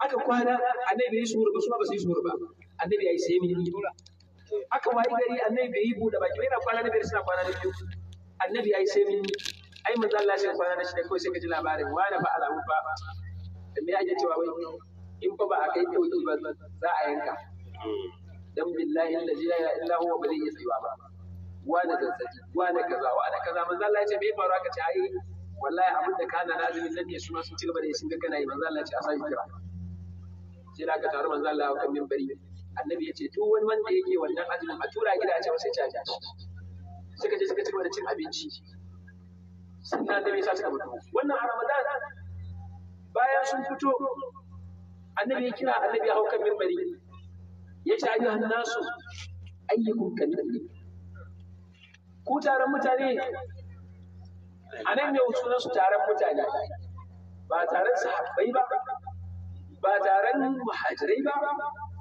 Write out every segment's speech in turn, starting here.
aka kwana annabi bai yi suhur ba su ma ba su yi suhur ba annabi ya yi sai mun aka wayi gari annabi bai yi buɗe baki yana kwana na biyar suna kwana na biyu annabi ya yi sai mun ai manzo Allah sai kwana na shida kawai sai ka ji labarin wani fa alamu fa da me ake cewa wai in fa ba a kai tauki ba za a yanka dan billahi allazi la ilaha illa huwa ba zai iya tsayuwa ba wani zazzabi wani kaza wani kaza manzo Allah ya ce me faru aka ce ai wallahi abin da kana lazimi nan ne su ma sun ci gaba da yin kana yi manzo Allah ya ce a sai kira sai da aka taru manzo Allah kan minbari annabi ya ce duk wani wanda yake wannan ajin a tura gidaje sai ci abinci suka je suka ci wani da cin abinci sannan annabi ya sa suka mutu wannan a Ramadan bayan sun fito annabi ya kira annabi ya hau kan minbari ya ce ayyuha nasu ayyukum kalli ku taron mutane a nan ne sunan su taron mutane ba taron sahabbai ba ba taron muhajirai ba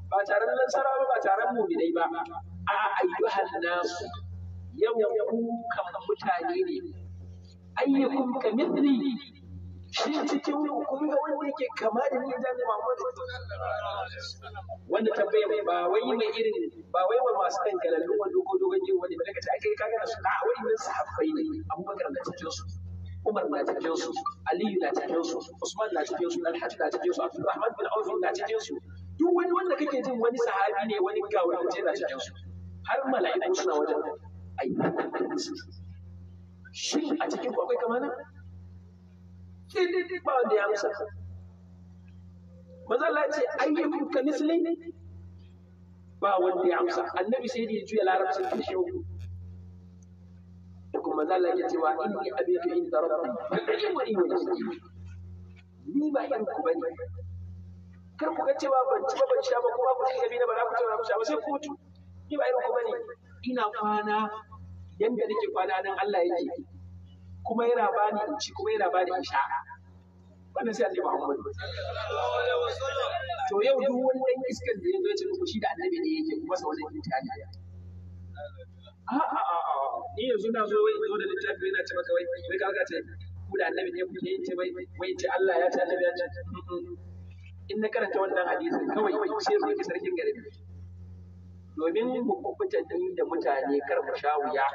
ba taron lansara ba ba taron muminai ba a ayyuhan nasu yau ku kan mutane ne ayyukum ka mithli shi cikin kun ga wanda yake kama da ni da Muhammad wanda tambaya ba wai mai irin ba wai wa masu kan galallu wanda ko dogon jiwo ba daga ta ake kaga da su a wa'annan sahabbai ne Abubakar da cikin su Umar na cikin su Aliyu na cikin su Usman na cikin su Alhaji na cikin su Abdulrahman bin Auf na cikin su duk wani wanda kake jin wani sahabi ne wani gawurce na cikin su har mala'iku suna wajen ai shin a cikin ku akwai kamar nan ba wanda ya amsa manzo Allah ce ayyukum ka misli ba wanda ya amsa annabi sai ya juya larabcin shi alaikum manzo Allah yake cewa inni abitu inda rabbi fa'in wa inni muslim ni ba irin ku bane kar ku ga cewa ban ci ba ban sha ba kuma ku ci gabi na ba za ku ci ba ku sha ba sai ku mutu ni ba irin ku bane ina kwana yanda nake kwana nan Allah yake kuma yana bani in ci kuma yana bani in sha wannan sai annabi Muhammad to yau duk wani dan iskan da yake ce ku shi da annabi ne yake kuma sa wannan intihari a ni yanzu na zo wai zo da littafi yana ce maka wai wai ka ce ku da annabi ne kuke yin ce wai wai ce Allah ya ce annabi ya ce in na karanta wannan hadisi kawai sai zo ki sarkin gari domin mu kubuta ni da mutane kar mu sha wuya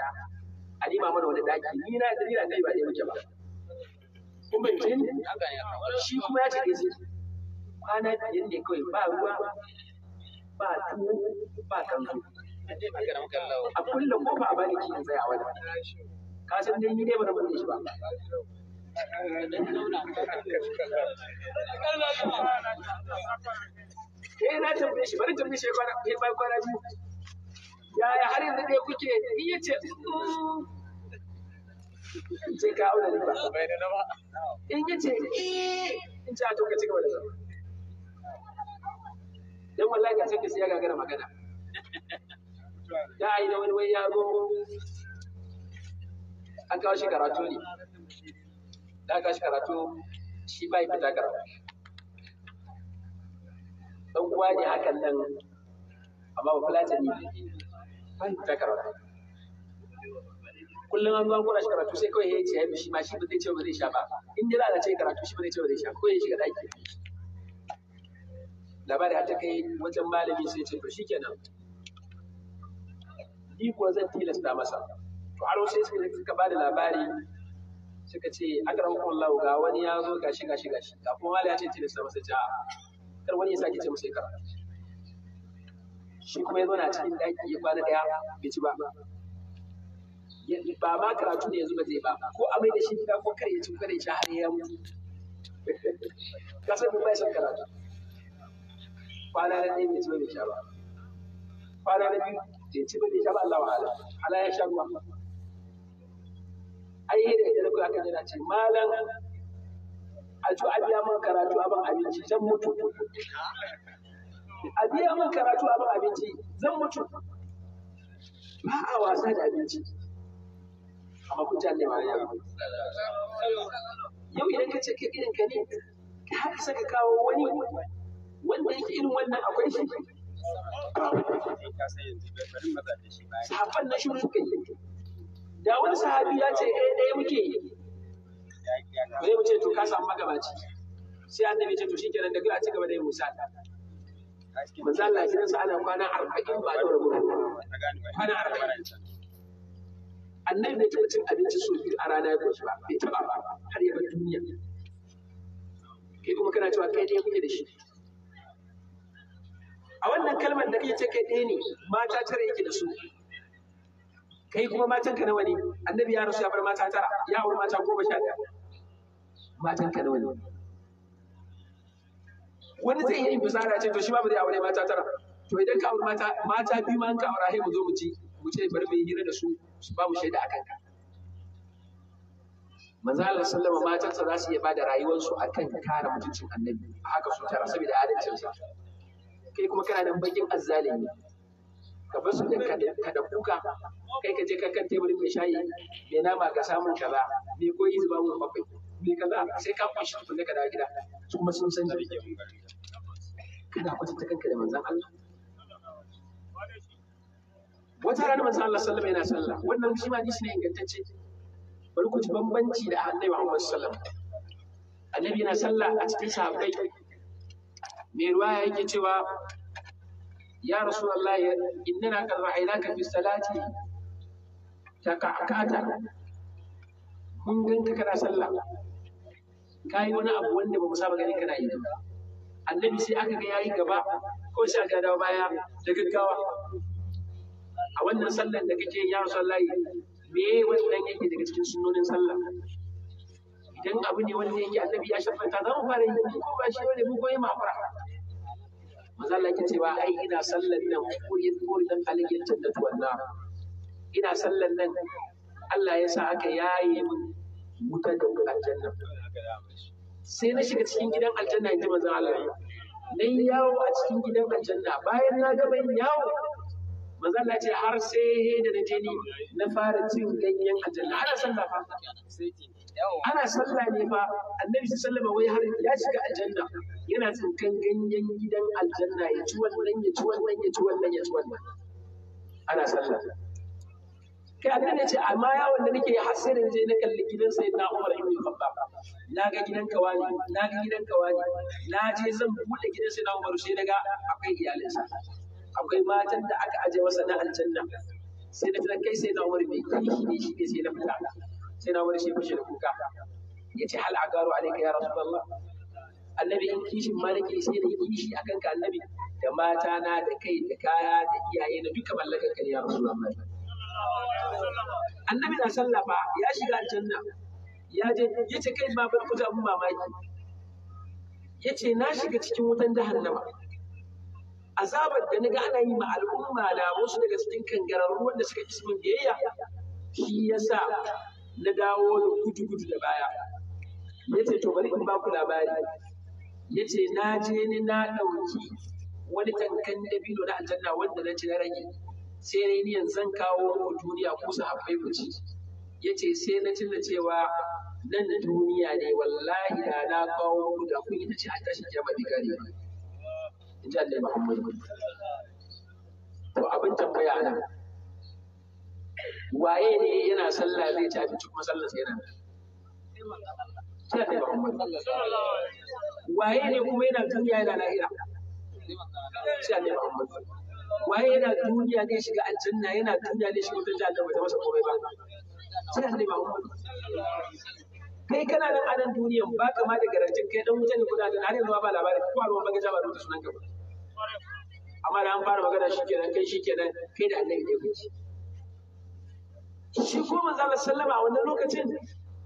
a nima mana wani daki ni na da ni da ba ne muke ba kun bai ce shi kuma ya ce dai sai kwana biyan ne kawai ba ruwa ba tuwo ba kanzu a kulle kofa a bani kiyin tsaya wani ka san dai ni dai ba na bude shi ba eh na tambaye shi bari tambaye shi kwana ya bai kwana biyu yaya har yanzu dai kuke ni yace ce mm. ka auna ni ba in yace eh in ci a to ka ci gaba da zama dan wallahi ga sai ka siya gagara magana da a yi da wani wai yaro an kawo shi karatu ne da aka kawo shi karatu shi bai fita karatu dan uwa ne hakan nan amma ba fulata ne bai fita karatu kullum an zuwa shi karatu sai kawai ya ce ya shi ma shi ba zai ce ba zai sha ba in dai za ce karatu shi ba zai ce ba zai sha ko ya shiga daki labari har ta kai wajen malami sai ce to shikenan ni kuwa zan tilasta masa to har sai suka ba da labari suka ce akramakallahu ga wani ya zo gashi gashi gashi ga kuma ya ce tilasta masa ja kar wani ya sake ce masa kar shi kuma ya zauna cikin daki ya kwana daya bai ci ba ba ma karatu ne yanzu ba zai ba ko amai da shi ko kar ya ci ko kare sha har ya mutu kasar ya san karatu kwana na ɗaya bai ci ba bai sha ba kwana na biyu bai ba Allah ya sha da malam a a karatu a abinci zan mutu ba a wasa abinci amma kun ma yau idan ka ce ka irin ka ne ka haka saka kawo wani wanda yake irin wannan akwai shi sahabban na shiru kai, yi da wani sahabi ya ce eh ɗaya muke yi Ba zai mu ce to ka samu magabaci sai annabi ce to shikenan daga a ci gaba da yin musa manzo Allah gidan sa ana kwana 40 ba da rabu kwana 40 annabi bai taɓa cin abinci so biyu a rana ya koshi ba bai taɓa ba har ya bar duniya kai kuma kana cewa kai ɗaya kuke da shi a wannan kalmar da kai ce kai ɗaya ne mata tara yake da su kai kuma matan ka nawa ne annabi ya rasu ya bar mata tara ya auri mata goma sha ɗaya matan ka nawa ne wani zai yi bisara ce to shi ma ba zai aure mata tara to idan ka aure mata mata biyu ma ka aure mu zo mu ci mu ce bari mu yi hira da su su ba mu shaida a kanka manzo Allah sallama matansa za su iya bada rayuwarsu akan kare mutuncin annabi a haka su tara saboda adalcinsa kai kuma kana nan bakin azzalimi ka bar su ka da kuka kai ka je ka kan teburin mai shayi mai nama ga samun kaza mai ko zuba babu bakwai mai kaza sai ka kunshi tukun ka da gida su kuma sun san jiki kana kwatanta kanka da manzon Allah wata ranar manzon Allah sallama yana sallah wannan shi ma hadisi ne ingantacce bari ku ci bambanci da annabi Muhammad sallallahu alaihi wasallam annabi yana sallah a cikin sahabbai mai ruwaya yake cewa ya rasu rasulullah innana qad ra'aynaka fi salati takakata mun ganka kana sallah yi wani abu wanda ba mu saba ka kana yi annabi sai aka ga yayi gaba ko sai aka dawo baya da gaggawa a wannan sallan da kake ya rasu rasulullah me wannan yake daga cikin sunnonin sallah idan abu ne wanda yake annabi ya shafa ta za mu fara yi ko ba shi bane mu koyi fara maza Allah yake cewa ai ina sallan nan kurin kurin dan aligin jannatu wannan ina sallan nan Allah ya sa aka yaye min wutar da wutar aljanna sai na shiga cikin gidan aljanna in ji Allah na yi yawo a cikin gidan aljanna bayan na gama yin yawo maza Allah ce har sai da na je ni na fara cin ganyen aljanna ana sallah fa ana sallah ne fa annabi sallama wai har ya shiga aljanna yana tsinkan ganyen gidan aljanna ya ci wannan ya ci wannan ya ci wannan ya ci wannan ana sallah kai annabi ya ce amma ya wanda nake har sai da je na kalli gidan sai na Umar ibn Khattab na ga gidan kawani na ga gidan kawani na je zan bude gidan sai na Umar sai daga akwai iyalinsa akwai matan da aka aje masa na aljanna sai da kai sai na Umar bai kishi ne shi ne sai na fita sai na wani shi fashe da kuka ya ce hal agaru alaika ya rasulullah annabi in kishin ma nake sai yi kishi akan ka annabi da mata na da kai da kaya da iyaye da duka mallakar ka ne ya rasulullah annabi na sallafa ya shiga aljanna ya je ya ce kai ba bar kuta mun mamaki ya ce na shiga cikin wutan jahannama azabar da naga ana yi ma al'umma na wasu daga cikin kangararru wanda suka ismin biyayya shi yasa na dawo da gudu-gudu da baya ya ce to bari in baku labari ya ce na je ni na ɗauki wani tankan dabino na aljanna wanda na ci na rage sai yi niyan zan kawo muku duniya ku su haɓai ku ci ya ce sai na cin cewa nan da duniya ne wallahi da na kawo muku da kun ita ce a tashin kyama gari in ji Allah Muhammadu to abin tambaya nan waye ne yana sallah zai ci abinci kuma sallar sai yana waye ne kuma yana duniya yana lahira sai annabi Muhammad waye yana duniya zai shiga aljanna yana duniya zai shiga wutar jahannama ta masa komai ba sai annabi Muhammad kai kana nan anan duniyan ba ka ma da garantin kai dan wuce guda da har yanzu ba labari ko ruwa ruwan bagaja ba da sunan ka amma da an fara magana shikenan kai shikenan kai da annabi ne kuke shi ko manzo Allah sallama a wannan lokacin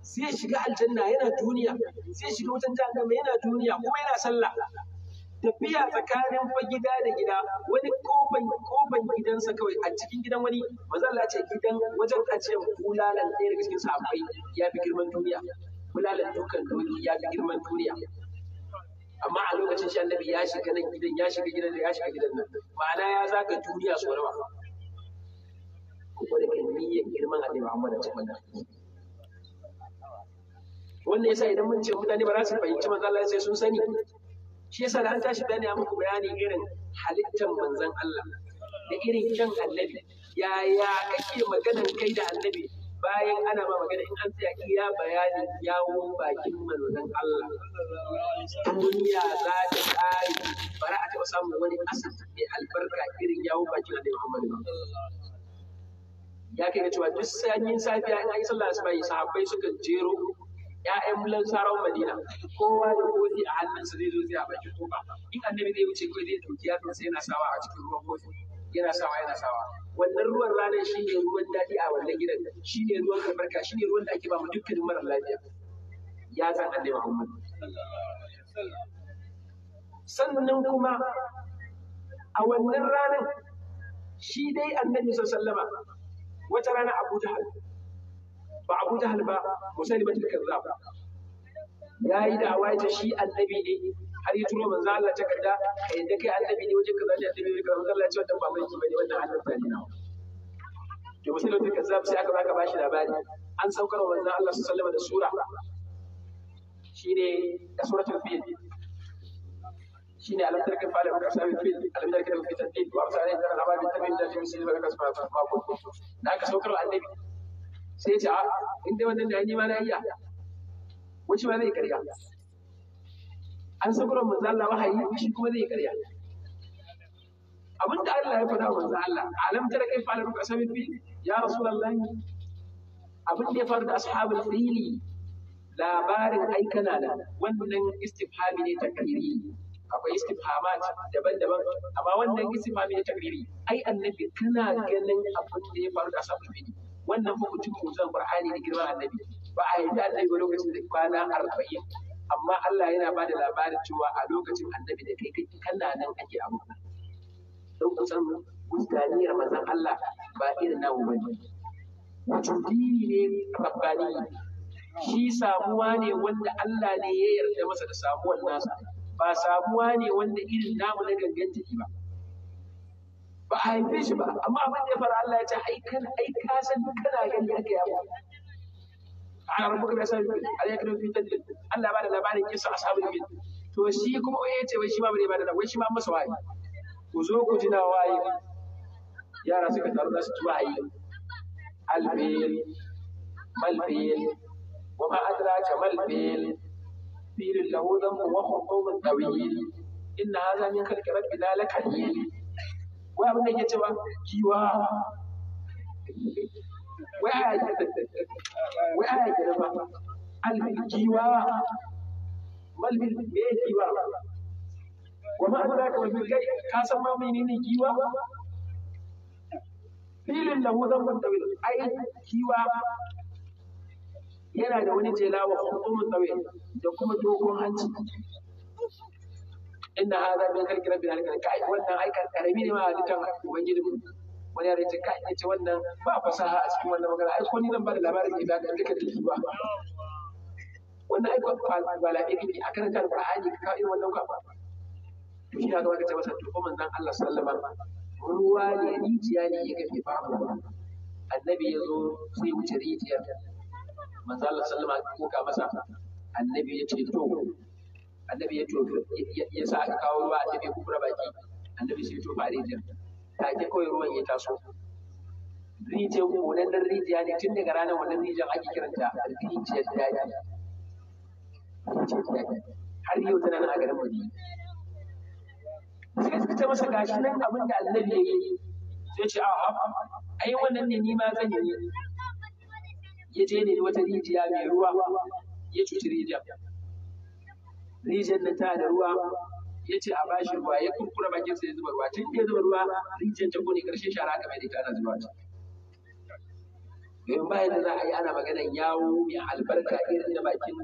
zai shiga aljanna yana duniya zai shiga wutan jahannama yana duniya kuma yana sallah tafiya tsakanin fa gida da gida wani kofan kofan gidansa kawai a cikin gidan wani manzo Allah ce gidan wajen ajiyar bulalan ɗaya daga cikin sahabbai ya fi girman duniya bulalan dukkan doki ya fi girman duniya amma a lokacin shi annabi ya shiga nan gidan ya shiga gidan ya shiga gidan nan ma'ana ya zaga duniya su rawa kuma da kalmiyyar girman Muhammad a cikin wannan wannan yasa idan mun ce mutane ba za su fahimci manzon Allah sai sun sani shi yasa da an tashi ne muku bayani irin halittar manzon Allah da irin kyan annabi yaya kake maganan kai da annabi bayan ana ma magana in an tsaya iya bayani yawon bakin manzon Allah duniya za ta tsari bara a taɓa samun wani mai albarka irin yawon bakin annabi Muhammad ya kai cewa duk sanyin safiya in an yi sallah asuba sahabbai suka jero 'ya'yan ƴaƴan lansarawan Madina kowa da kofi a hannunsa zai zo zai a bakin kofa in annabi zai wuce kawai zai dauki yadon sai yana sawa a cikin ruwan kofi yana sawa yana sawa wannan ruwan ranar shi ne ruwan daɗi a wannan gidan shi ne ruwan albarka shi ne ruwan da ake ba mu dukkanin mara lafiya ya san annabi Muhammad sannan kuma a wannan ranar shi dai annabi sallallahu alaihi wasallama wata rana Abu Jahal ba Abu Jahal ba Musailima kazzab ya yi da'awa ya ce shi annabi ne har yi turo manzo Allah ta kadda kai da kai annabi ne wajen kaza ne annabi ne kaza manzo Allah ya ce wannan ba mulki bane wannan Allah ta ne to Musailima ta kazzab sai aka baka bashi labari an saukar wa manzo Allah sallallahu alaihi wasallam da sura shine da suratul fil shine alantarkin tarkin fa'ala baka sabi fil alantarkin da fi tadid wa amsa alayhi kana abadi tamin da shi musulmi baka sabi ma ko da aka saukar annabi sai ya ce a ah, inda wanda wannan da ni ma na iya wuce ba zai karya an saukar manzo Allah wahayi shi kuma zai karya abinda da Allah ya faɗa manzo Allah alam tarkin fa'ala baka sabi fil ya rasulullahi abin da ya faru da ashabul fili labarin aikana da wannan istifhami ne takriri akwai istifhamat daban-daban amma wannan istifhami na takriri ai annabi kana ganin abin da ya faru da ashabul fili wannan hukuncin kusan qur'ani da girman annabi ba a yi annabi ba lokacin da kwana arba'in amma Allah yana ba da labarin cewa a lokacin annabi da kai kana nan ake abu don kusan gudaniyar manzon Allah ba irin namu ba ne wujudi ne rabbani shi samuwa ne wanda Allah ne ya yarda masa da samuwar nasa ba samuwa ne wanda irin namu na gangan ba ba a haife shi ba amma abin da ya fara Allah ya ce ai kan ai ka san kana gani haka ya ba a rabu kuma sai alaykum fi tadlil Allah ba da labarin kisa ashabul bil to shi kuma ya ce wai shi ma bai ba da wai shi ma masa waye. ku zo ku jina waye, yara suka taru da su a yi. alfil malfil wa ma adraka malfil فيل له ذنب وخطوب طويل إن هذا من خلق ربنا لكنيل wai abin da yake cewa giwa wai ana wai ana girma al-giwa mal bil me wa ma adraka wa bil ka san ma menene filin yana da wani jela wa hukumun tsawe da kuma dogon hanci inna hada min khalqi rabbil alamin kai wannan ai karami ne ma halittan ubangiji mu wani yare ce kai ce wannan ba fasaha a cikin wannan magana ai ko ni zan ba da labarin da ibada duka da ba wannan ai bala'iki ne a karanta alqur'ani ka irin wannan ka to shi ga ka ce masa to manzon Allah sallallahu alaihi wasallam ruwa ne rijiya ne ya gafe babu annabi ya zo sai wuce rijiyar manzo Allah sallama kuka masa annabi ya ce to annabi ya to ya sa aka kawo ruwa annabi kura baki annabi sai to bare jin take kawai ruwan ya taso rijiyar wannan dan rijiya ne tun daga ranar wannan rijiyar ake kiranta rijiyar daji har yau tana nan a garin Madina sai suka masa gashi nan abin da annabi ya yi sai ce a ai wannan ne ni ma zan yi ya je ne wata rijiya mai ruwa ya cuci rijiyar rijiyar nan ta da ruwa ya ce a bashi ruwa ya kurkura bakinsa ya zuba ruwa tun ya zuba ruwa rijiyar ta kone karshen shara aka mai da ita ana zuba ta domin bayan da za a yi ana maganan yawo mai albarka irin da bakin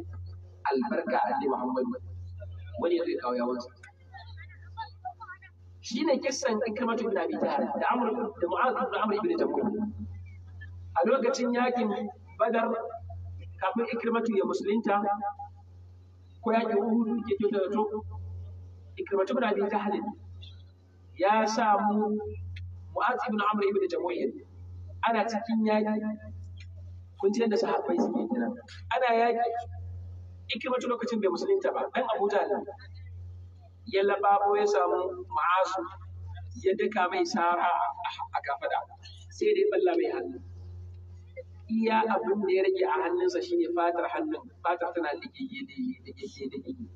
albarka ne Muhammadu wani zai kawo yawansa shi ne kissan ikrimatu ibn abi da amr da mu'adh ibn amr ibn tabuk a lokacin yakin badar kafin ikirmatu ya musulunta ko ya ke hudu ke kyauta da to ikrimatu bin abi jahalin ya samu mu'az ibn amr ibn jamuhir ana cikin yaƙi kun ji da sahabbai suke kira ana yaƙi ikirmatu lokacin bai musulunta ba dan Abuja ne ya lababo ya samu ma'asu yadda daka mai sara a kafada sai dai balla mai hannu iya abin da ya rage a hannunsa shine fatar hannun fatar tana ligege ligege ligege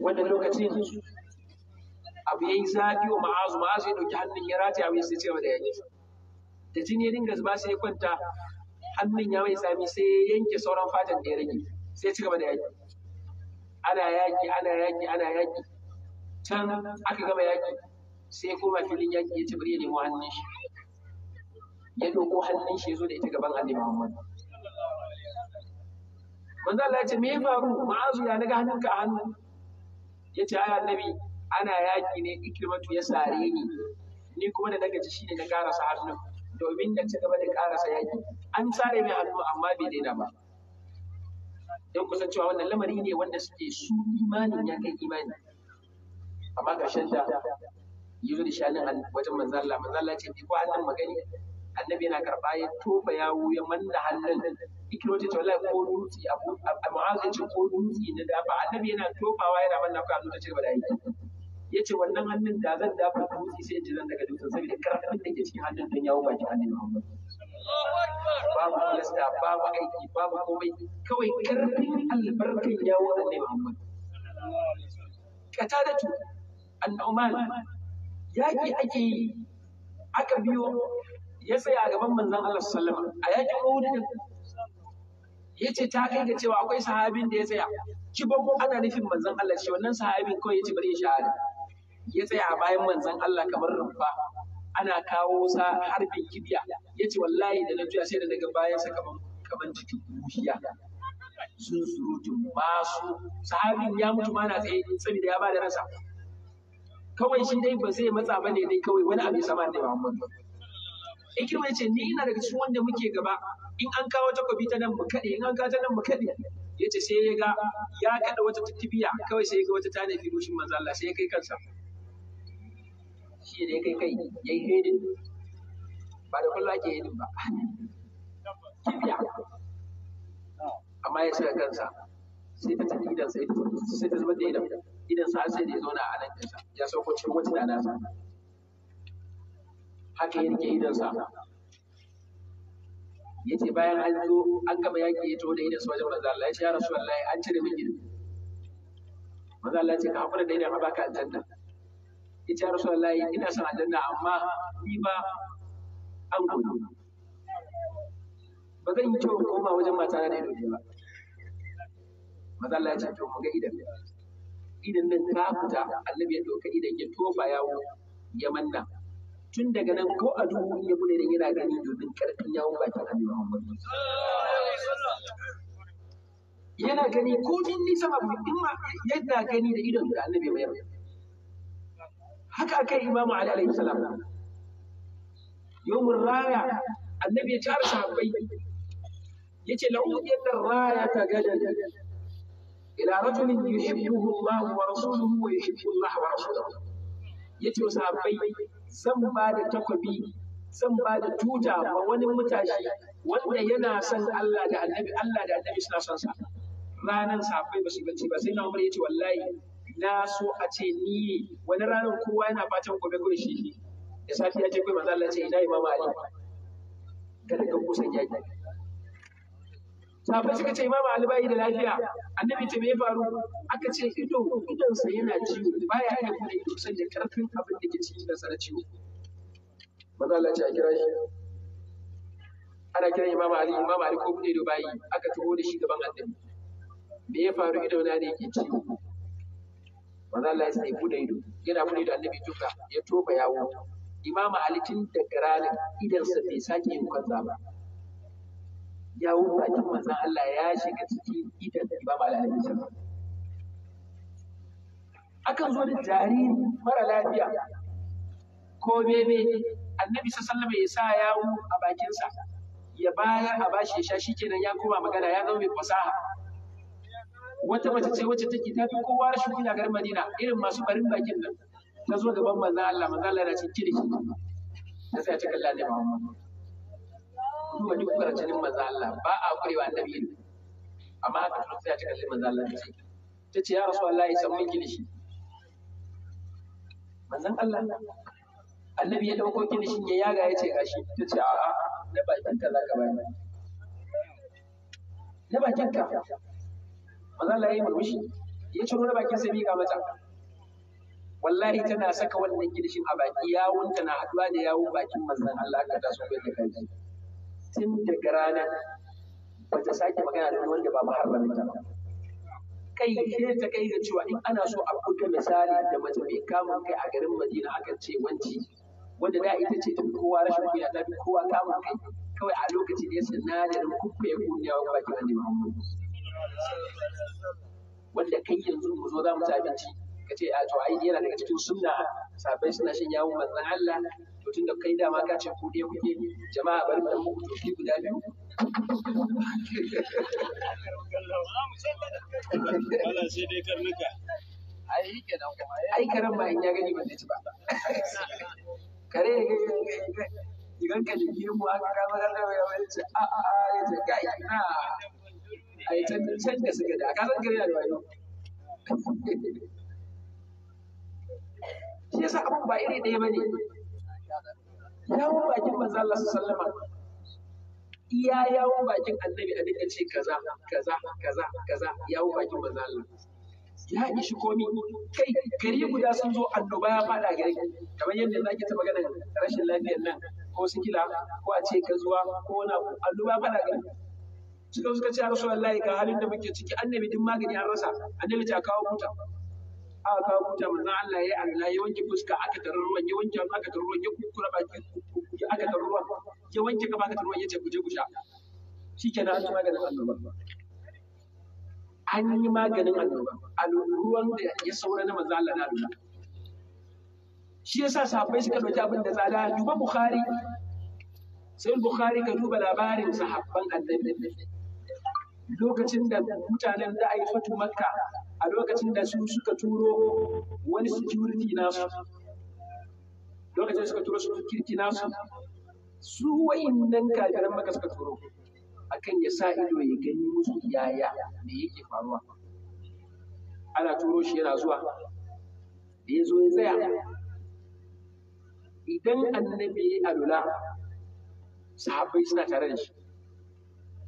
wannan lokacin abu yayi zafi wa ma'azu ma'azu ya dauki hannun ya rataya abin sai cewa da yake da jini ya dinga zuba sai ya kwanta hannun ya mai sami sai ya yanke sauran fatan da ya rage sai ya ci gaba da yaki ana yaki ana yaki ana yaki can aka gama yaki sai koma filin yaki ya ci bari ya nemo hannun shi ya ɗauko hannun shi zo da ita gaban annabi Muhammad manzo Allah ya ce me ya faru ma'azu ya naga hannunka a hannu ya ce ai annabi ana yaƙi ne ikrimatu ya sare ni ni kuma da daga shi ne na karasa hannun domin na ci gaba da karasa yaƙi an sare mai hannu amma bai daina ba don kusan cewa wannan lamari ne wanda suke su imanin ya kai imani amma ƙarshen shanta yi zo da shanin wajen manzo Allah ya ce bi ko hannun magani annabi yana karɓa ya tofa yawo ya manna hannun ikiro ce wallahi ko dutsi, abu mu'azu ce ko dutsi, na dafa annabi yana tofawa yana manna ko hannu ta ci gaba da aiki ya ce wannan hannun da zan dafa dutsi sai ji zan daga dutsen saboda karfin da ke cikin hannun don yawo baki annabi babu kulasta babu aiki babu komai kawai karfin albarkan yawo annabi Muhammad katadatu annuman yaki ake yi aka biyo ya tsaya a gaban manzon Allah sallama a yakin Uhud ya ce ta kai ga cewa akwai sahabin da ya tsaya Ki kibon ana nufin manzon Allah shi wannan sahabin kawai ya ce bari shahada ya tsaya a bayan manzon Allah kamar rumfa ana kawo sa harbin kibiya ya ce wallahi da na juya sai da daga sa kaman kaman jikin kushiya. sun surutun masu sahabin ya mutu ma na tsaye saboda ya ba da rasa kawai shi dai ba zai matsa ba ne dai kawai wani abu ya sama da Muhammadu hikima ya ce ni ina daga cikin wanda muke gaba in an kawo takobi ta nan mu kaɗe in an kawo ta nan mu kaɗe ya ce sai ya ga ya kaɗa wata tafiya kawai sai ya ga wata ta fi goshin manzo Allah sai ya kai kansa shi ne ya kai kai ya yi hedin ba da kullum ake hedin ba tibiya amma ya cire kansa sai ta tafi idan sai ta zama da idan idan sa sai da ya zauna a nan kansa ya sauko cikin wata dana haka ya rike idonsa ya ce bayan an zo an gama yaƙi ya taho da idonsa wajen manzo Allah ya ce ya rasu wallahi an cire min ido manzo Allah ya ce ka hakura da idon a baka aljanna ya ce ya rasu wallahi ina son aljanna amma ni ba an gudu ba zan yi kyau koma wajen mata na ido ba manzo Allah ya ce to mu ga idon idan nan ta fita annabi ya ɗauka idan ya tofa yawo ya manna tun daga nan ko a duhu in ya bude da yana gani domin karfin yawon bakin annabi Muhammad yana gani ko min nisa ma in ma yadda gani da idon da annabi mai haka akai imamu ali alaihi salam yawmur raya annabi ya tara sahabbai yace la'udiyyatar raya ta gadan ila rajulin yuhibbuhu Allah wa rasuluhu wa yuhibbu Allah wa rasuluhu yace sahabbai zan ba da takwabi zan ba da tuta ma wani mutashi wanda yana son Allah da annabi Allah da annabi suna son sa ranan safai ba su bacci ba sai na umar yace wallahi na so a ce ni wani ranar kowa yana fatan gobe gobe shi da safiya ce kai manzo Allah ce ina imama Ali kada ka kusan yaki sahabbai suka ce imama alibayi da lafiya annabi ce mai ya faru aka ce ido idonsa yana ciwo baya iya kuma ido sai da karfin abin da ke ciki da na ciwo maza Allah ce a kira shi ana kiran imama ali imama ali ko bude ido bayi aka taho da shi gaban annabi me ya faru ido na ne yake ciwo maza Allah ya sai bude ido yana bude ido annabi tuka ya toba yawo imama ali tun da kiranin idonsa bai sake yin kwanza ba yawun bakin manzon Allah ya shiga cikin idan Imam Ali akan zo da jariri mara lafiya ko bebe annabi sallallahu ya sa yawo a bakinsa ya bayar a bashi ya sha shikenan ya koma magana ya zama mai fasaha wata mace ce wacce take ta fi kowa rashin kunya garin Madina irin masu barin bakin nan ta zo gaban manzon Allah manzon Allah ya ce kirki da sai ta kalla da duba duk kwarjinin manzo Allah ba a kurewa annabi biyu, amma haka ta tsaya ta kalli manzo Allah ce ta ce ya rasu Allah ya san mun kilishi manzon Allah annabi ya dauko kilishin ya yaga ya ce gashi ta ce a'a na bakin ka zaka bayar na bakin ka manzo Allah ya yi murmushi ya ciro na bakin sa miƙa mata wallahi tana saka wannan kilishin a baki yawunta na haɗuwa da yawun bakin manzon Allah ka taso bai da kai tun daga rana, ba ta sake magana da wanda ba muharraminta ba kai ke ta kai da cewa in ana so a buga misali da mace mai kamun kai a garin Madina akan ce wanci wanda da ita ce ta kowa rashin kuya ta kowa kamun kai kawai a lokaci ne sinadarin kuka ya kunya wa baki wanda ba wanda kai yanzu mu zo za mu ci abinci ka ce a to ai yana daga cikin sunna sabai suna shan yawon manzon Allah to da kai dama ka ce ku ɗaya kuke jama'a bari dan muku tofi guda biyu sai dai karnuka ai kuma ai karan ba in ya gani ci ba kare idan ka jiki mu aka da ya wani a a a ya ce ga ina can da da aka san gari da wayo shi yasa ba iri ɗaya yawon bakin manzo Allah sallama iya yawon bakin annabi a dinga ce kaza kaza kaza kaza yawon bakin manzo Allah ya ishi komi kai gari guda sun zo annoba ya fada gari kamar yadda na ta ganin rashin lafiyar nan ko sikila ko a ce ka zuwa ko na abu annoba ya fada gari suka suka ce a rasuwa layi ga halin da muke ciki annabi din magani an rasa annabi ta kawo kuta aka kawo buta manzon Allah ya yi Allah ya wanke fuska aka tarar ruwan ya wanke aka tarar ruwan ya kukura baki aka tarar ruwan ya wanke gaba aka tarar ruwan ya ce guje gusha shikenan an yi maganin annoba an yi maganin annoba ruwan da ya saura na manzon Allah na lura shi yasa sahabbai suka dauki abin da tsada duba bukhari sai bukhari ka duba labarin sahabban annabi lokacin da mutanen da ai fatu makka a lokacin da su suka turo wani security nasu lokacin suka turo security nasu su wa'innan kafiran maka suka turo akan ya sa ido ya gani musu yaya me yake faruwa ana turo shi yana zuwa da ya zo ya tsaya idan annabi ya alula sahabbai suna tare da shi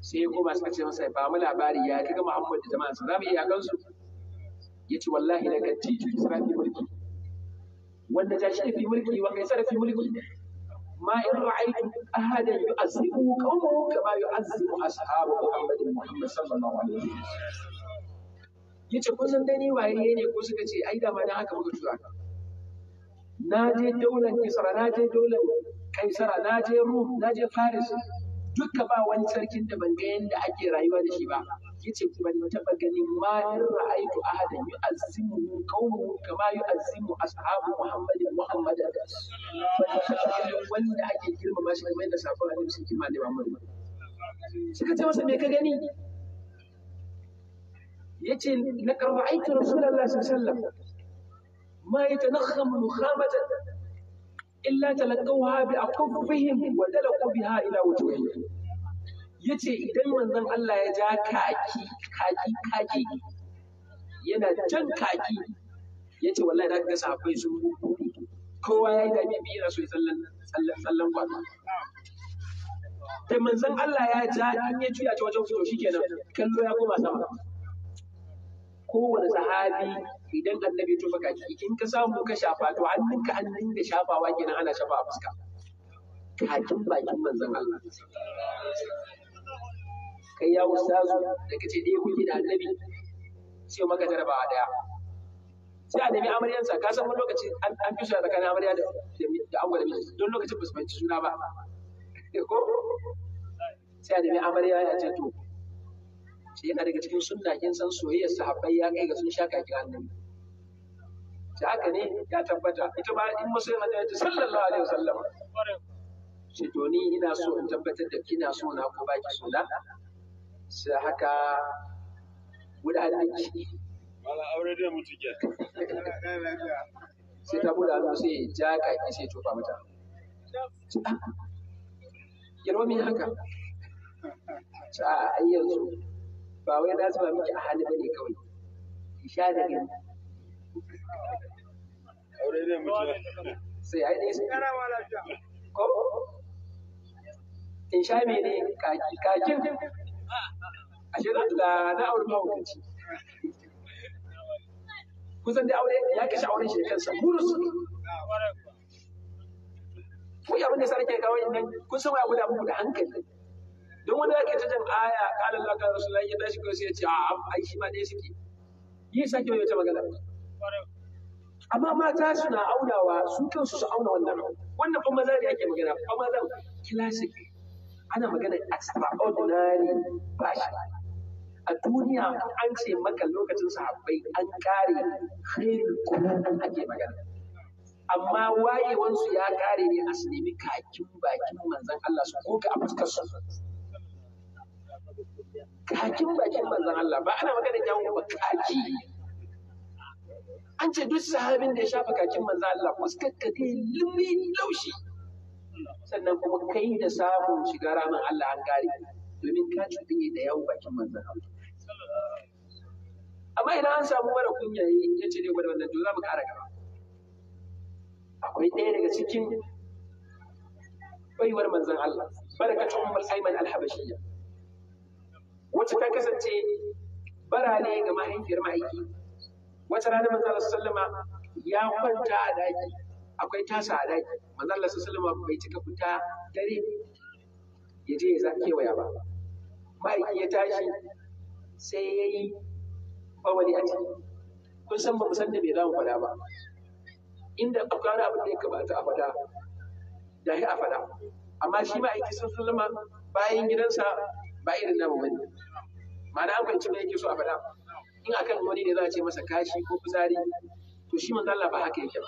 sai ya koma suka ce masa ba mu labari ya kaga Muhammad da jama'a za mu iya ya ce wallahi da kan tiju fi mulki wanda ta shi fi mulki wa kai sarfi mulki ma in ra'aytu ahadan yu'azzibu qawmahu kama yu'azzibu ashabu muhammadin muhammad sallallahu alaihi wasallam yace kun san dai waye ne ko suka ce ai da ma dan haka muka tura na je daular kisra na je daular kaisara na je rum na je faris dukka ba wani sarkin da ban ga yanda ake rayuwa da shi ba yace ki ban taba ganin ma in ra'aitu ahadan yu'azzimu qawmuhu kama yu'azzimu ashabu muhammadin muhammadan ban taba ganin wanda ake girmama shi kamar yadda sabon annabi sun kima da muhammad suka ce masa me ka gani yace laqad ra'aytu rasulullahi sallallahu alaihi wasallam ma yatanakhamu nukhamatan illa talaqawha bi aqfihim wa talaqu biha ila wujuhihim ya ce idan manzon Allah ya ja kaki kaki kaki yana jan kaki ya ce wallahi da ga sahabbai sun kowa ya yi da bibi yana so ya tsallan tsallan tsallan da manzon Allah ya ja in ya juya ta wajen fito shikenan kallo ya koma sama kowane sahabi idan annabi ya tufa kaki in ka samu ka shafa to hannunka an dinga shafawa kenan ana shafa a fuska kakin bakin manzon Allah kai ya ustazu da kace dai kuke da annabi sai maka jarabawa daya sai annabi amaryansa ka san wani lokaci an fi suna tsakanin amarya da ango da miji don lokacin ba su fahimci suna ba ko sai annabi amarya ya ce to shi yana daga cikin sunna kin san soyayyar sahabbai ya kai ga sun sha kakin annabi Sai haka ne ya tabbata ita ba in musulman ta yace sallallahu alaihi wasallam shi to ni ina so in tabbatar da kina so na ko baki so na sai haka wulaƙanci wala aure da mutu ke sai ta buɗe hannu sai ja kaki sai tofa mata yarwa haka ta ai ba wai na zuba miki a hali bane kawai ki sha da gani aure da mutu sai ai dai sai ko in sha mene kakin ashe da na aure mahaukaci kusan dai aure ya kashe auren shi da kansa burus ku abin da sarki kawo yin nan kun san wai abu da abu da hankali don wani zaka ta jan aya qala Allah ka rasulullahi ya tashi kawai sai ya ce a ai shi ma dai suke yi sake yi wata magana amma mata suna aunawa su kansu su auna wannan wannan fa maza da yake magana fa kila classic ana magana extraordinary bashi a duniya an ce maka lokacin sahabbai an kare khairul qurun ake magana amma wayewansu ya kare ne a su nemi kakin bakin manzon Allah su koka a fuskar su kakin bakin manzon Allah ba ana magana yawon ba kaki an ce duk sahabin da ya shafa kakin manzan Allah fuskar ka kai lumi laushi sannan kuma kai da samun shiga ramin Allah an gare domin ka cuɗinye da yawon bakin manzan Allah amma idan an samu mara kunya ya ce ne gwada wannan to za mu kara gaba akwai ɗaya daga cikin baiwar manzan Allah cikin ummul aiman alhabashiyya wacce ta kasance bara ne ga mahaifiyar ma'aiki wata ranar manzan sallama ya kwanta a daji. akwai tasa a daki manzon Allah sallallahu bai cika fita dare ya je ya kewaya ba ma'aiki ya tashi sai ya yi bawali a ciki kun san ba musamman bai zama fada faɗa ba inda akwai abin da ya kamata a faɗa da ya a faɗa amma shi ma'aiki sallallahu bayan gidansa ba irin na mamani ma'ana an fahimci mai yake so a faɗa in akan wani ne za a ce masa kashi ko fitsari to shi manzo Allah ba haka yake ba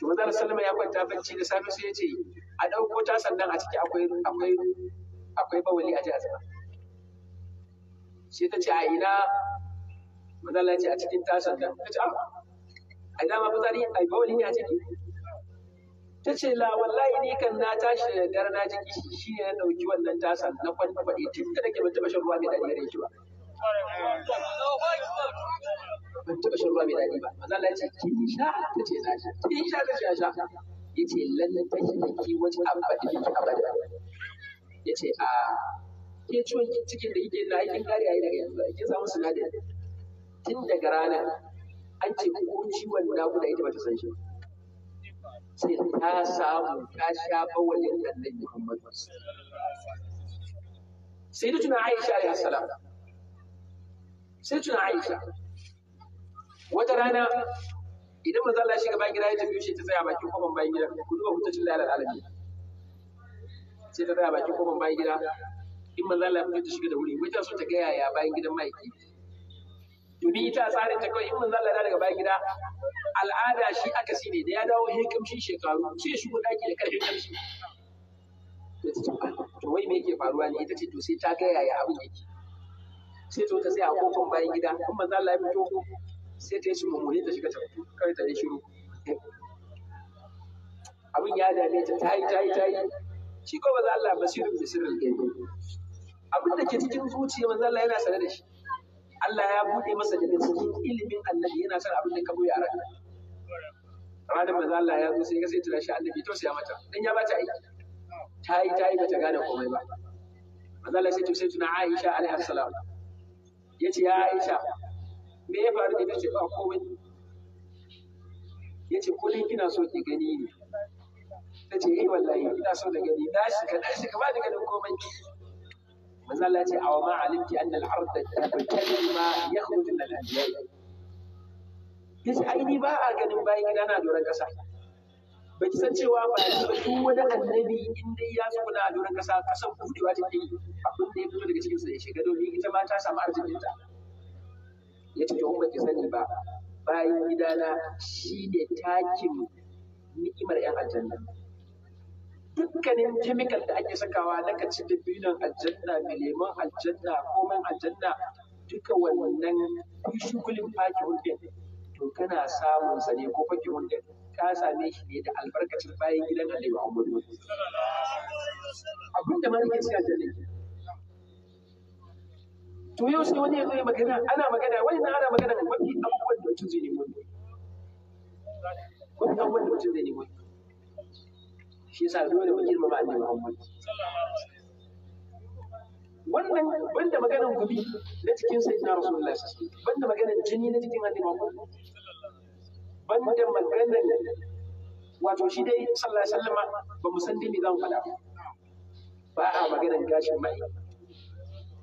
to manzo sallama ya kwanta bacci da safe sai ya ce a ɗauko ta sannan a ciki akwai akwai akwai bawali a ji sai ta ce a ina manzo ya ce a cikin tasan nan ta ce a ah, a ina ma zari a bawali ne a ciki ta ce la wallahi ni kan na tashi da dare na jiki shi ne na ɗauki wannan tasan na kwanta faɗi tun da nake ban bashin shan ruwa mai ɗari ba ban taɓa shan ruwa mai daɗi ba maza ce sha ta ce na sha sha ta ce sha ya ce lallan ta wajen abadi ki abada ya ce a ke ciwon cikin da yake na aikin kare daga yanzu kin samun sinadari tun daga ranar an ce ko ciwon nakuda ita bata san shi sai ta samu ta sha bawalin annabi Muhammadu. sai da tuna Aisha alaihi salam sai tuna Aisha wata rana idan manzo Allah ya shiga bayan gida ya tafi shi ta tsaya bakin kofar bayan gida ku duba hutacin lalal alamin sai ta tsaya bakin kofar bayan gida in manzo Allah ya ta shiga da wuri wata ta so ta ga yaya bayan gidan maiki to ni ita tsarin ta kawai in manzo Allah ya daga bayan gida al'ada shi aka si ne da ya dawo he kamshi shekaru sai shi daki da karfin kamshi ah, to wai me yake faruwa ne ita ce to sai ta ga yaya abin yake sai to ta tsaya a kofar bayan gida in manzo Allah ya fito sai ta yi shi mummuni ta shiga ta fito kawai ta yi shiru abin ya dame ta ta yi ta yi ta yi shi ko maza Allah basirin da sirrin gaibi abin da ke cikin zuciya maza Allah yana sane da shi Allah ya buɗe masa da cikin ilimin annabi yana son abin da ka buya a ranar ranar maza Allah ya zo sai ka sai tunashi annabi to sai mata dan ya bata aiki ta yi ta yi bata gane komai ba maza Allah sai to sai tuna Aisha alaihi salam yace ya Aisha me ya faru da ita ce ba komai ya ce kullum kina so ki gani ne ta ce yi eh, wallahi ina so da gani na shiga na shiga ba da ganin komai manzo Allah ya ce aw ma alimti anna al-ard takallu ma ya min al lafiya ya ce ni ba a ganin bayan gida na doron kasa ba ki san cewa ba su wani annabi in dai ya zo na doron kasa kasan budewa take yi abin da ya fito daga cikin sa ya shiga domin ita ma ta samu arzikin ta ya ce to ki sani ba bayan gidana shi ne takin ni'imar 'yan aljanna dukkanin kemikal da ake sakawa na kacin da binan aljanna mai aljanna komai aljanna duka wannan shugulin fakin hundin to kana samun sa ko fakin hundin ka same shi ne da albarkacin bayan gidan Allah Muhammadu abinda ke siya aljanna to yau sai wani ya zo magana ana magana wani na ana magana mafi abubuwan da mutum zai nemo wani abubuwan da mutum zai nemo shi yasa dole mu girmama Allah Muhammad wannan banda maganar gubi na cikin sayyidina Rasulullah banda maganar jini na cikin annabi Muhammad banda maganar wato shi dai sallallahu alaihi wasallam ba mu san dimi zan fada faɗa ba a maganar gashin mai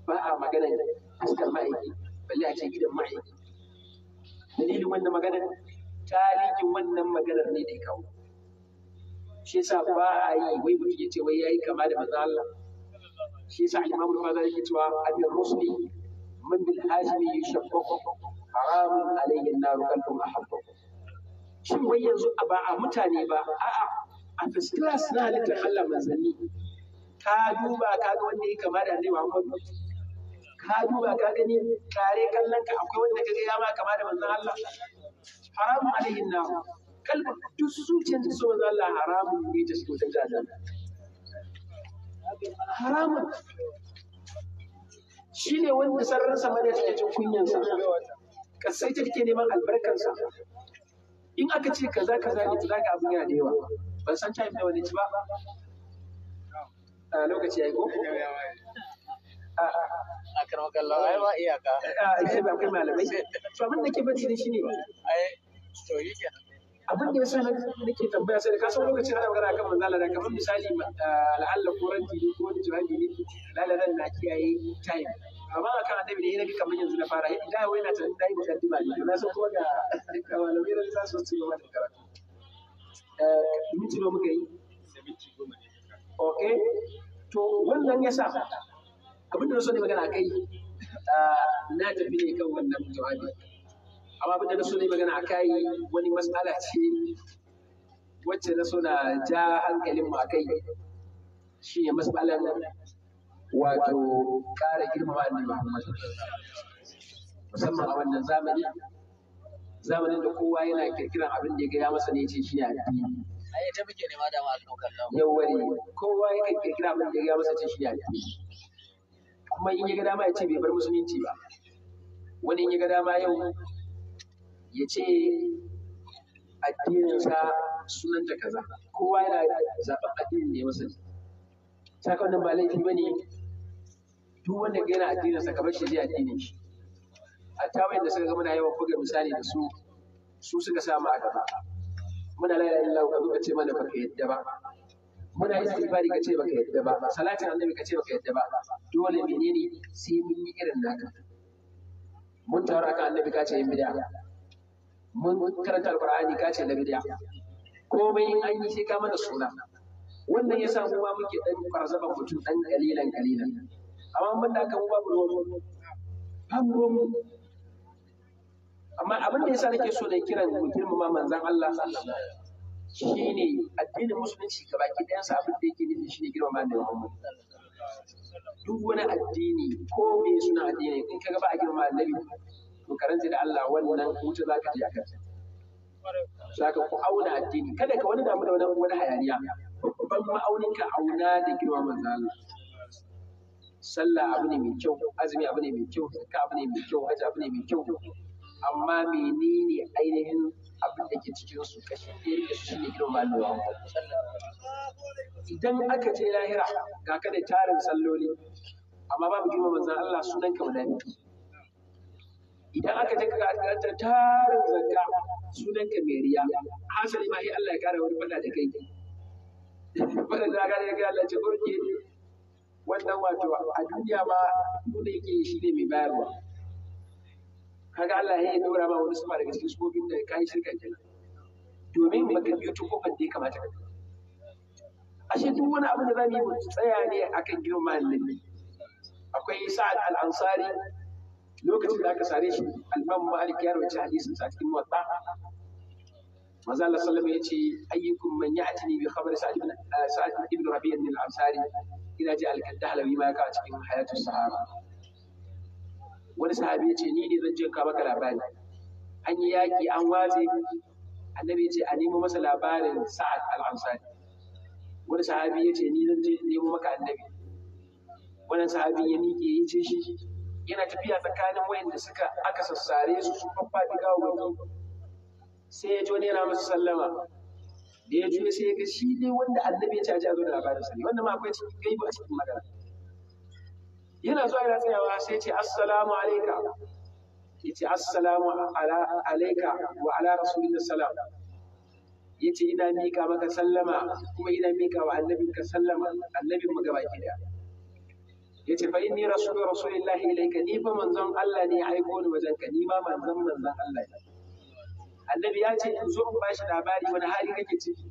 ba a maganar fuskar ma'aiki balle a ce gidan ma'aiki dalilin wannan maganar tarihin wannan maganar ne da ya kawo shi yasa ba a yi wai mutum ya ce wai yayi kama da manzo Allah shi yasa Imam Al-Fazari yake cewa abin rusli man bil hajmi yushabbahu haramun alayhi an-nar kalbun ahabbu shin wai yanzu a ba a mutane ba a'a a first class na halittar Allah manzanni ka duba ka ga wanda ya kama da Annabi Muhammad ka duba ka gani tare kallon ka akwai wanda ka ga ya ma kama da manzon Allah haramun alayhin na kalbu duk zuciyar ta so manzon Allah haramun ne ta su wajen jajan haramun shi ne wanda sararsa mana ta cin kunyansa kasai ta take neman albarkarsa. in aka ce kaza kaza ne to zaka abun yana da yawa ban san ta yi da wani ci ba a lokaci yi ko a karma kallon ba a ce ba kai malamai to abin da ke bari ne shine ai to yi kenan abin da yasa nake tambaya sai lokacin magana kan kamar misali la'alla ko ranti ne ko wani jawabi ne lalaran na kiyaye time amma akan annabi ne yana kamar yanzu na fara idan wai na tare da yin ne na malamai da za su ci gaba da karatu eh, minti nawa muka yi ok to wannan yasa abin da na so ne magana kai ah, na tafi ne kan wannan jawabi amma abin da na so ne magana a kai wani matsala ce wacce na so na ja hankalin a kai shi ne matsalar wato ƙara girmama annabi Muhammad musamman a wannan zamani zamanin da kowa yana kirkiran abin da ya gaya masa ne ce shi ne addini ta muke nema da ma alƙawarin yau wani kowa ya kirkira abin da ya gaya masa ce shi ne addini kuma in ya ga dama ya ce bai bar musulunci ba wani in ya ga dama yau ya ce addininsa sunanta kaza kowa yana zaɓen addinin da ya masa sakamakon ba laifi ba ne duk wanda ga yana addininsa kamar shi zai addinin shi tawayin da suka ga muna yawan buga misali da su su suka sa mu a gaba muna la ilaha illallah ka ce mana baka yadda ba muna yi istighfari kace baka yadda ba salatin annabi kace baka yadda ba dole menene sai mun yi irin naka mun taru akan annabi kace yin bid'a mun karanta alqur'ani kace la bid'a komai in an yi sai ka mana suna wannan yasa mu ma muke dan farzaba mutum dan kalilan kalilan amma mun da aka mu babu ruwan mu. amma abin da yasa nake so da kiran mu ma manzon Allah sallallahu alaihi wasallam Shi ne addinin musulunci ga baki ɗayan sa, abin da yake nufi shine girmama da Muhammad duk wani addini ko me suna addini in kaga gaba a girma da annabi to karanta da Allah wannan wuta wuce zaka je Za ka ku auna addini kada ka wani damu da wani wani hayaniya babban ma'aunin ka auna da girma manzo Allah sallah abu ne mai kyau azumi abu ne mai kyau zakka abu ne mai kyau hajji abu ne mai kyau amma menene ainihin abin da ke cikin su kashi ɗaya su shine irin malluwa idan aka je lahira ga ka da tarin salloli amma babu girma manzan Allah sunan ka munafiki idan aka je ka ga tarin zakka sunan ka mai riya hasali ma sai Allah ya kara wani fada da kai wannan da kare ga Allah ce kurke wannan wato a duniya ma mu da yake shi ne mai bayarwa kaga Allah ya daura ma wani sama daga cikin sufofin da kai shirka kenan domin baka biyo tukufan da ya kamata ka ashe duk wani abu da za mu yi tsaya ne akan girma lalle akwai sa'ad al-ansari lokacin da aka sare shi al-imam malik ya rawaita hadisin sa cikin muwatta manzo Allah sallallahu alaihi wasallam yace ayyukum man ya'tini bi khabar sa'ad ibn sa'ad ibn rabi'a al-ansari ila ja al-kadahlawi ma ka cikin hayatus sahaba wani sahabi ya ce ni ne zan je ka maka labari an yi yaƙi an watse annabi ya ce a nemo masa labarin sa'ad al-ansari wani sahabi ya ce ni zan je nemo maka annabi Wani sahabi ya miƙe ya ce shi yana tafiya tsakanin wayanda suka aka sassare su su faffaɗi gawawaki sai ya ji wani yana masa sallama da ya juya sai ya ga shi dai wanda annabi ya ce a ji a zo da labarin sa ne wannan ma akwai cikin gaibu a cikin magana yana zuwa yana tsayawa sai ce assalamu alaika yace assalamu alaika wa ala rasulillah salam Ya ce ina mika maka sallama kuma ina mika wa annabin ka sallama annabin mu gaba Ya ce fa inni rasulu rasulillahi ilaika ni fa manzon Allah ne ya aiko ni wajen ka ni ma manzon manzon Allah ne annabi ya ce in zo in bashi labari wani hali kake ciki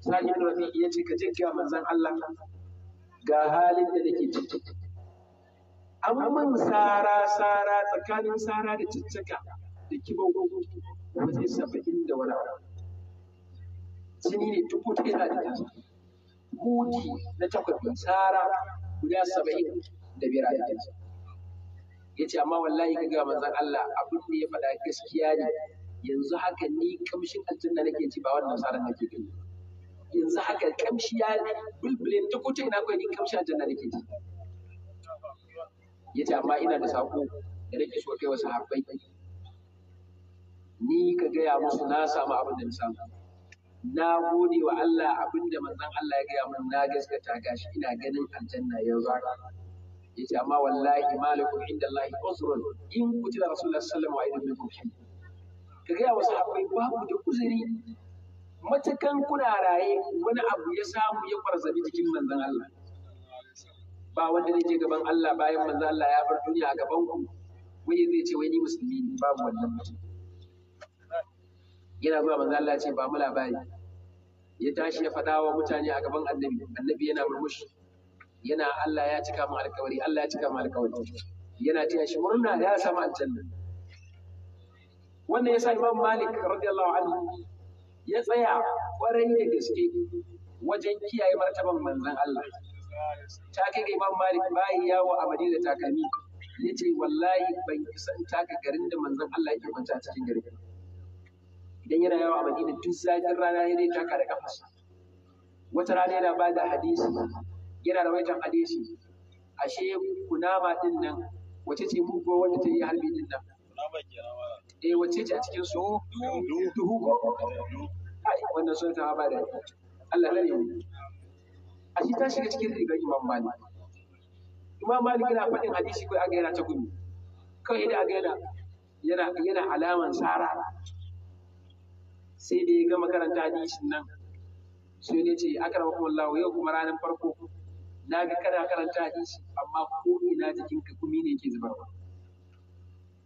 sai ibn rafi ya ce ka je ga manzon Allah ga halin da nake ciki an sara sara tsakanin sara da caccaka da kibau wajen saba'in da wani abu jini ne duk wata yana da jiki huti na takwabi sara guda saba'in da biyar a jikinsa ya ce amma wallahi ka ga manzan Allah abin da ya faɗa gaskiya ne yanzu haka ni kamshin aljanna nake ci ba wannan sara nake gani yanzu haka kamshi ya bulbule duk ta ina kawai ni kamshin aljanna nake ci ya ce amma ina da saƙo da nake so kai wa sahabbai ni ka gaya musu na samu abin da na samu na gode wa Allah abin da manzon Allah ya gaya mun na gaskata gashi ina ganin aljanna yanzu haka ce, amma wallahi malakum inda Allah usrun in kutila rasulullahi sallallahu alaihi wasallam wa idan ka ga wasu sahabbai babu da uzuri matakan kuna raye wani abu ya samu ya kwarzabi jikin manzon Allah ba wanda zai je gaban Allah bayan manzo Allah ya bar duniya a gaban ku wai zai ce wai ni musulmi ne babu wannan mutum yana zuwa manzo Allah ya ce ba mu labari ya tashi ya faɗa wa mutane a gaban annabi annabi yana murmushi yana Allah ya cika mu alƙawari Allah ya cika mu alƙawari yana taya shi murna ya samu aljanna wannan yasa Imam Malik radiyallahu anhu ya tsaya kwarai da gaske wajen kiyaye martaban manzon Allah ta kai ga imam malik ya yawo a madina takami ya ce wallahi ban san in taka garin da manzon Allah yake kwanta a cikin garin idan yana yawo a madina duk zafin rana ya dai taka da kafarsa wata rana yana ba da hadisi yana rawaitan hadisi ashe kunama din nan wace ce muguwa wanda ta yi harbi din nan eh wace ce a cikin su duhu ko wannan sun ta ba da Allah ya a ta shiga cikin rigar imam malik imam malik yana faɗin hadisi kai aga yana ta gudu kawai idan aga yana yana yana alaman sara sai da ya gama karanta hadisin nan sai ne ce akramakumullahu yau kuma ranar farko na ga kana karanta hadisi amma ko ina jikinka kumi ne ke zubarwa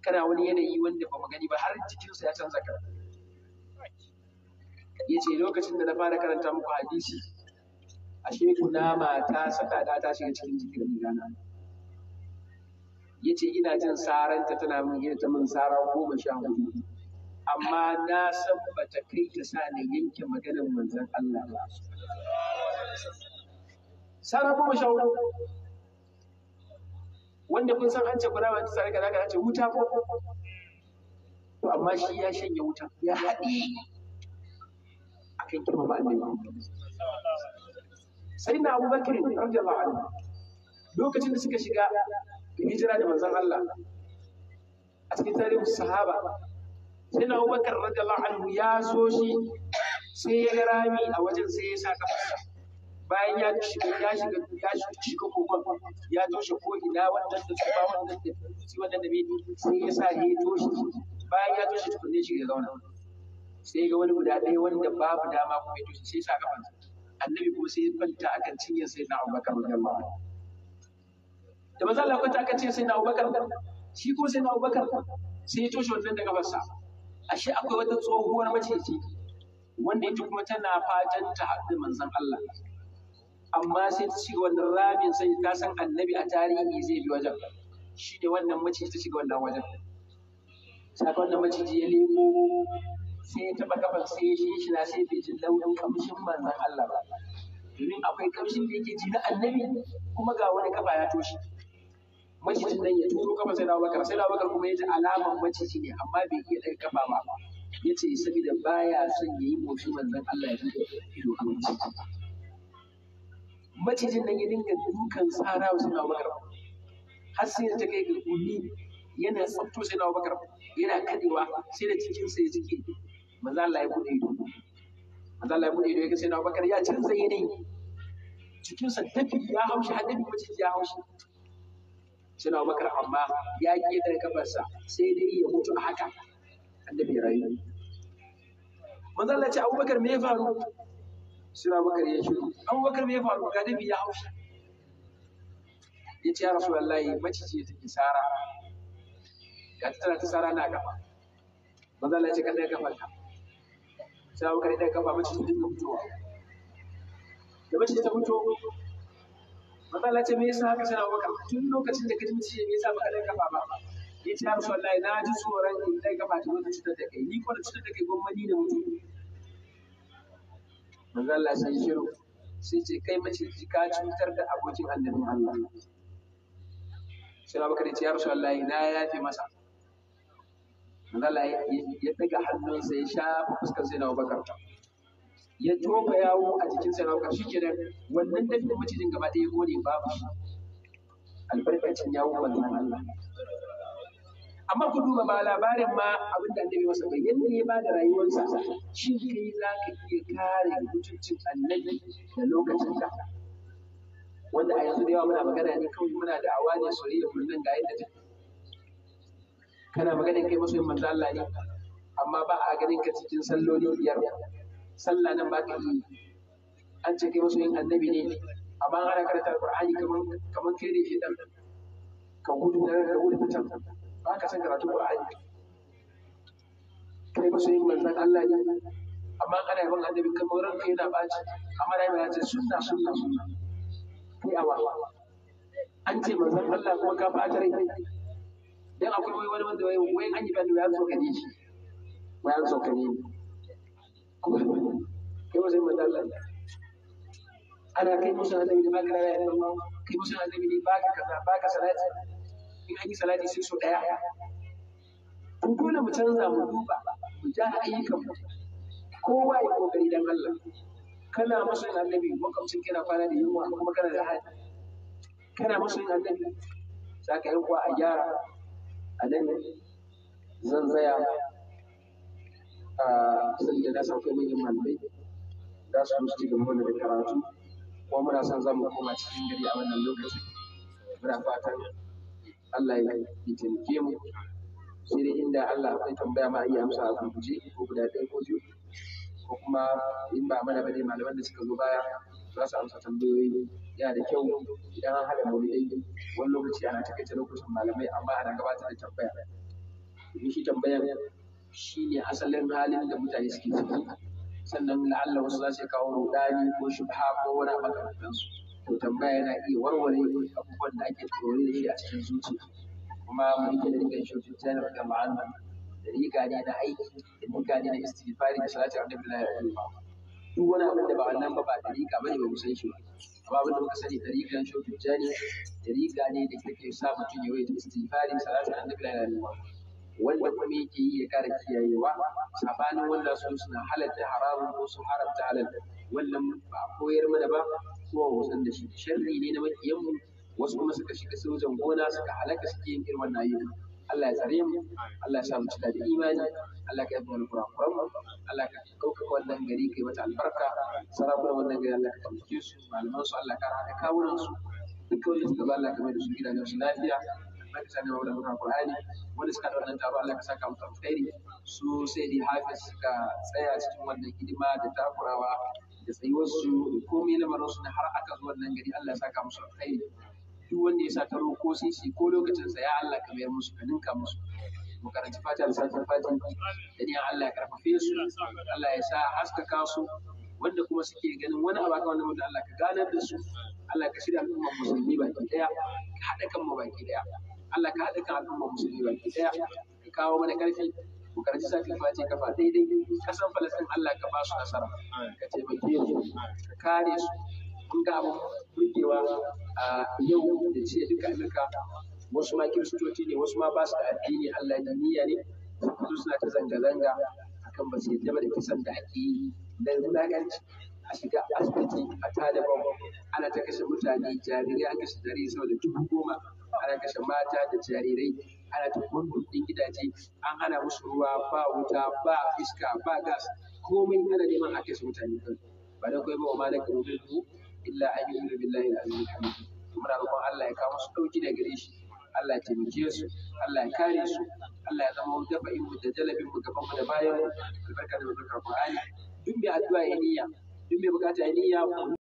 kana wani yanayi wanda ba mu gani ba har jikinsa ya canza kara ya ce lokacin da na fara karanta muku hadisi ashe kunama ta saka da ta shiga cikin jikin gidana ya ce ina jin saranta tana min iya ta min sara goma sha hudu amma na san ba ta kai ta sa ni yanke maganar manzan Allah ba sara goma sha hudu wanda kun san an ce kunama ta sare kaza an ce wuta ko to amma shi ya shanye wuta ya haɗi akan girmama annabi sai na Abu Bakr radiyallahu anhu lokacin da suka shiga hijira da manzon Allah a cikin tarihin sahaba sai na Abu Bakr radiyallahu anhu ya so shi sai ya ga rami a wajen sai ya sa kafarsa bayan ya shiga ya shiga ya shiga kogon ya toshe ko ina wannan da ba wannan da shi wannan da bai sai ya sa ya toshe bayan ya toshe tukunne shi ya zauna sai ga wani guda ɗaya wanda babu dama kuma ya toshe sai ya sa kafarsa annabi kuma sai ya kwanta akan cinyar sai na abubakar radiyallahu anhu da maza Allah kwanta akan cinyar sai na abubakar shi kuma sai na abubakar sai ya toshe wannan daga gabarsa ashe akwai wata tsohuwar ce wanda ita kuma tana fatan ta haɗu manzon Allah amma sai ta shiga wannan ramin sai ta san annabi a tarihi zai bi wajen shi ne wannan maciji ta shiga wannan wajen sai wannan maciji ya lemo sai ya taɓa kafar sai ya shi na sai bai ji launin kamshin manzan Allah ba domin akwai kamshin da yake ji na annabi kuma ga wani kafa ya toshe macijin nan ya turo kafa sai na bakar sai na bakar kuma ya ji alaman maciji ne amma bai iya ɗaga kafa ba ya ce saboda baya son ya yi motsin manzan Allah ya dinga ido a maciji macijin nan ya dinga dukan tsara wasu na bakar har sai ta kai ga gumi yana tsabto sai na bakar yana kadewa sai da cikinsa ya jike manzo Allah ya bude ido manzo Allah ya bude ido ya ga sai na Abubakar ya canza yanayi cikin sa dafi ya haushi har dafi mace ya haushi sai na Abubakar amma ya ki da kafarsa sai dai ya mutu a haka annabi ya rayu manzo Allah ya ce Abubakar me ya faru sai na Abubakar ya shiru Abubakar me ya faru ga dafi ya haushi ya ce ya rasu wallahi mace ta ke sara ga tana ta sara na gaba. manzo Allah ya ce kada ka farka sai abubakar ya kafa mace ta dinga fitowa da mace ta mutu matsala ce me yasa haka sana abubakar tun lokacin da ka ji me yasa baka daga kafa ba ya ce har wallahi na ji tsoron in daga kafa ta wata cutar da kai ni ko da cutar da kai gwamnati da mutum Allah sai shiru sai ce kai mace ka cutar da abokin annabin Allah sai abubakar ya ya rasu wallahi na yafe masa manzala ya daga hannunsa ya shafa fuskar sai na bakar ya tofa yawo a jikin sai na bakar shi kenan wannan dafin macijin gaba ɗaya gode babu shi albarkacin yawo manzan Allah amma ku duba ba labarin ma abin da annabi masa bai yadda ya rayuwarsa shi kai za ka iya kare mutuncin annabi da lokacin da wanda a yanzu da yawa muna magana ne kawai muna da awa ne soyayya kullum ga yadda kana magana kai masoyin manzo Allah ne amma ba a ganin ka cikin salloli biyar sallah nan ba ka yi an ce kai masoyin annabi ne amma ana karanta alqur'ani kaman kaman kai ne shedan ka gudu da ka gudu fitan ba ka san karatu qur'ani kai masoyin manzon Allah ne amma kana yin annabi ran kai yana baci amma dai ba ya ce sunna sunna sunna kai awa an ce manzon Allah kuma ka bata rai dan akwai wai wani wanda wai wai an yi ban wai an so shi wai an so ka ji kuma kai ba sai mu dalla ana kai musu annabi ne baka rayuwa da Allah kai musu annabi ne baka kaza baka salati in an yi salati sai so daya ku dole mu canza mu duba mu ja ayyukan mu kowa ya kokari dan Allah kana musu annabi makamcin kina kwana da yunwa kuma kana da hali kana musu annabi za ka yi kuwa a gyara a nan zan tsaya a da na sauke manyan malamai za su zo su ci da karatu kuma muna son zamu koma cikin gari a wannan lokacin muna fatan Allah ya taimake mu shi ne inda Allah ya tambaya ma iya amsa a gurguje ko guda ɗaya ko biyu ko kuma in ba mana bane malaman da suka zo baya za su amsa tambayoyi yana da kyau idan an haɗa maulidai wani lokaci ana takaita lokacin malamai amma ana gabata da tambaya domin shi tambayar shi ne asalin halin da mutane suke ciki sannan la'alla wasu za su kawo rudani ko shubha ko wani makamantan su to tambaya yana iya warware abubuwan da ake tsoro da shi a cikin zuciya kuma mu yi da rigar shi tana da ma'ana da riga ne na aiki da riga ne na istighfari da salatu alaihi wa sallam duk wani abin da ba wannan ba ba dariƙa bane ba mu san shi ba amma abin da muka sani dariƙan shi tijjani dariƙa ne da kake sa mutum ya yi istighfari salatu annabi la ilaha wanda kuma yake yi ya kara kiyayewa sabanin wanda su suna halatta haramun ko su haramta wannan ba koyar mana ba ko wasan da shi sharri ne na makiyanmu wasu kuma suka shiga sojan gona suka halaka suke yin irin wannan ayyuka Allah ya tsare mu Allah ya sa mu cika da imani Allah ka yafi mana kurakuran mu Allah ka kauka wannan gari kai mata albarka sarakunan wannan gari Allah ka tabbace su malaman su Allah ka rada kawunan su duk wanda suka ba Allah ka mai da su gidajen su lafiya Allah ka sani wannan wannan Qur'ani wanda suka da wannan taro Allah ka saka mu alkhairi su sai dai hafiz suka tsaya cikin wannan hidima da takurawa da tsayuwar su komai lamarin su har aka zo wannan gari Allah ya saka musu alkhairi duk wanda ya sa ta ko sun shi ko lokacin sa ya Allah ka mayar musu ka ninka musu mu karanci fata da satar fata da ni Allah ya karfafe su Allah ya sa haskaka su wanda kuma suke ganin wani abu wanda wannan Allah ka ganar da su Allah ka shirya al'ummar musulmi baki daya ka haɗa kan mu baki daya Allah ka haɗa kan al'ummar musulmi baki daya ka kawo mana karfi ku karci sa kafa ce kafa daidai kasan falastin Allah ka ba su nasara ka taimake su ka kare su kun ga burgewa a yau da jiya duka amurka wasu ma kiristoci ne wasu ma ba su da addini allah da niyya ne su suna ta zanga-zanga akan ba su yadda ba da kisan da ake yi da a shiga asibiti a taliban ana ta kashe mutane jarirai an kashe jarirai sama da dubu goma ana kashe mata da jarirai ana ta kundin gidaje an hana musu ruwa ba wuta ba iska ba gas komai ana neman a kashe mutane ba da kai ba wa malakin rubu illa an yu'minu billahi al-azim al-hamid muna roƙon Allah ya kawo musu dauki da gare shi Allah ya taimake su Allah ya kare su Allah ya zama gaba'in mu da jalabin mu gaban mu da bayan mu albarka da albarkar Qur'ani duk mai addu'a ya niyya duk mai bukata iniya.